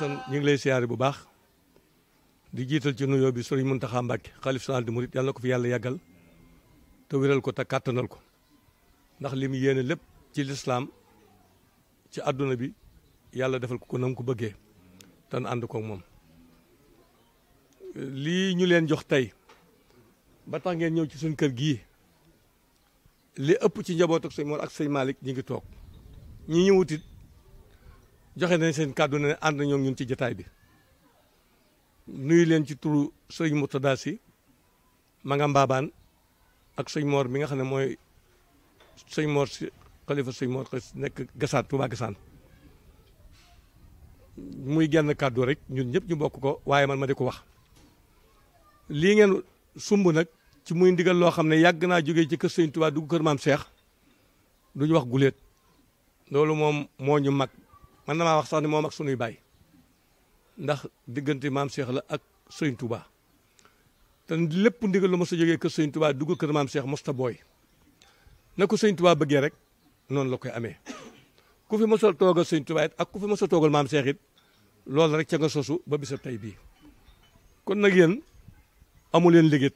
Hassan ñu ngi lay siyaare bu baax di jiital ci nuyoo bi Serigne Muntaxa Mbacke Khalif Sall di Mourid yalla ko fi yalla yagal te wéral ko ta katanal ko ndax limi yene lepp ci l'islam ci joktai, bi yalla defal ko ko nam ko bëggee tan and ko mom li ñu leen jox tay ba tax ngeen ñew ci suñu kër gi li ëpp ci njaboot ak sëñ Malik ak Serigne Malik ñi ngi tok ñi ñewutit joxe nañ seen kàddu ne ànd na ñoom ñun ci jataay bi nuyu leen ci turu sëñ Murtada si ma nga mbaabaan ak sëñ Mor mi nga xam ne mooy sëñ Mor si xalifa sëñ Mor nekk gasaan Touba gasaan muy genn kàddu rek ñun ñëpp ñu bokk ko waaye man ma di ko wax lii ngeen sumb nag ci muy ndigal loo xam ne yàgg naa jógee ci kër sëñ Touba dugg kër maam Cheikh duñu wax guléet loolu moom moo ñu mag man damaa wax sax ni moom ak sunuy baay ndax diggante maam Cheikh la ak Sëñ Touba te lépp ndigal lu mos a jógee kër Sëñ Touba dugg kër maam Cheikh mosta booy na ko Sëñ bëggee rek noonu la koy amee ku fi mos a toogal Sëñ ak ku fi mos a toogal maam Cheikh it loolu rek ca nga sosu ba bisab tey bii kon nag yéen amu leen liggéey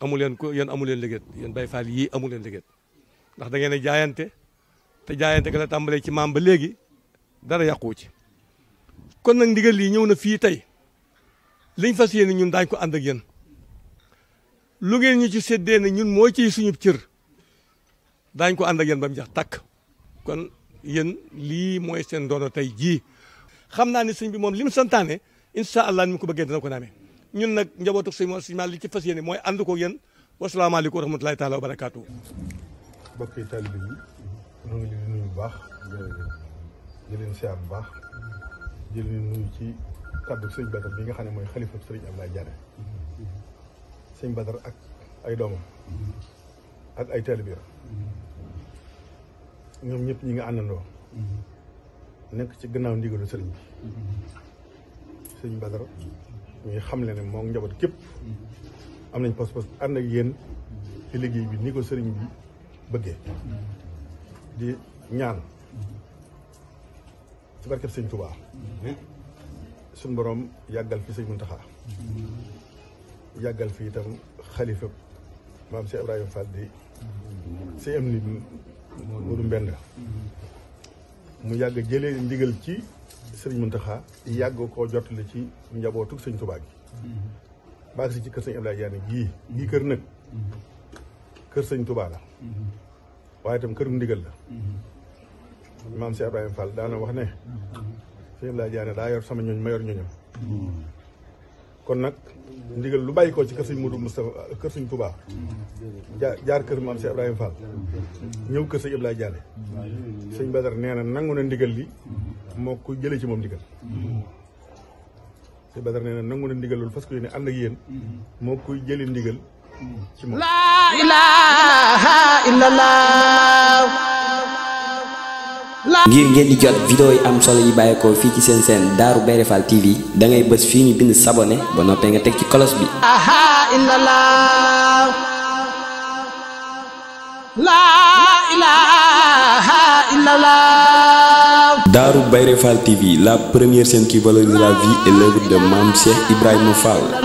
amu leen ko yéen amu leen liggéey yéen bay Fall yii amul leen liggéey ndax da ngeen a jaayante te jaayante ga la tàmbalee ci maam ba léegi. dara yàquwu ci kon nag ndigal lii ñëw na fii tey liñ fas yéene ñun daañu ko ànd ak yéen ñu ci séddee ne ñun mooy ciy suñu cër daañ ko ànd ak yéen ba mu jax tàkk kon yéen lii mooy seen doono tey jii xam naa ni sëñ bi moom lim mu santaane incha allah ni mu ko bëggee dina ko naamee ñun nag njabootu sëñ moom li ci fas yéene mooy ànd ko yéen wasalaamaaleykum wa rahmatulahi taala wa barakaatu. mbokk yi taalibe yi ñu ngi leen baax. di leen siyaar bu baax di leen nuyu ci kàddu sëñ Badar bi nga xam ne mooy xalifa sëriñ Abdoulaye Diané sëñ Badar ak ay doomam ak ay taalibe ñoom ñëpp ñi nga àndandoo nekk ci gannaaw ndigalu sëriñ bi sëñ Badar ñuy xamle ne moom njaboot am nañ pas-pas ànd ak yéen ci liggéey bi ni ko bi bëggee di ñaan ci barkeb sëñ Touba suñ borom yàggal fi sëñ Muntaxa yàggal fi itam xalifa maam si Ibrahima Fall di si am ni Modou Mbenda mu yàgg jële ndigal ci sëriñ Muntaxa yàgg koo jottali ci njabootu sëñ tubaa gi baag si ci kër sëñ Ibrahima Diané gii gii kër nag kër sëñ Touba la mhm. waaye itam këru ndigal la mhm. imam si Ibrahima Fall daana wax ne sëñ Abdoulaye Diané da yor sama ñooñ ma yor ñooñam kon nak ndigal lu bayiko ci keur sëñ Modou Moustapha keur sëñ Touba jaar keur imam maam si Ibrahima Fall ñew keur sëñ Abdoulaye Diané sëñ Badar neena nangu na ndigal li moko jele ci mom ndigal sëñ Badar neena nangu na ndigal lu fas ko yéen and ak yeen moko jele ndigal ci moom laa ilaaha illallaah ngir ngeen di jot vidéo yi am solo yi bàyyeekoo fii ci seen seen daaru Bairé Fall TV dangay bës fii ñu bind sabone ba noppee nga teg ci kolos bi. Darou Bairé Fall TV la première chaîne qui valorise la vie et l'œuvre de Mame Cheikh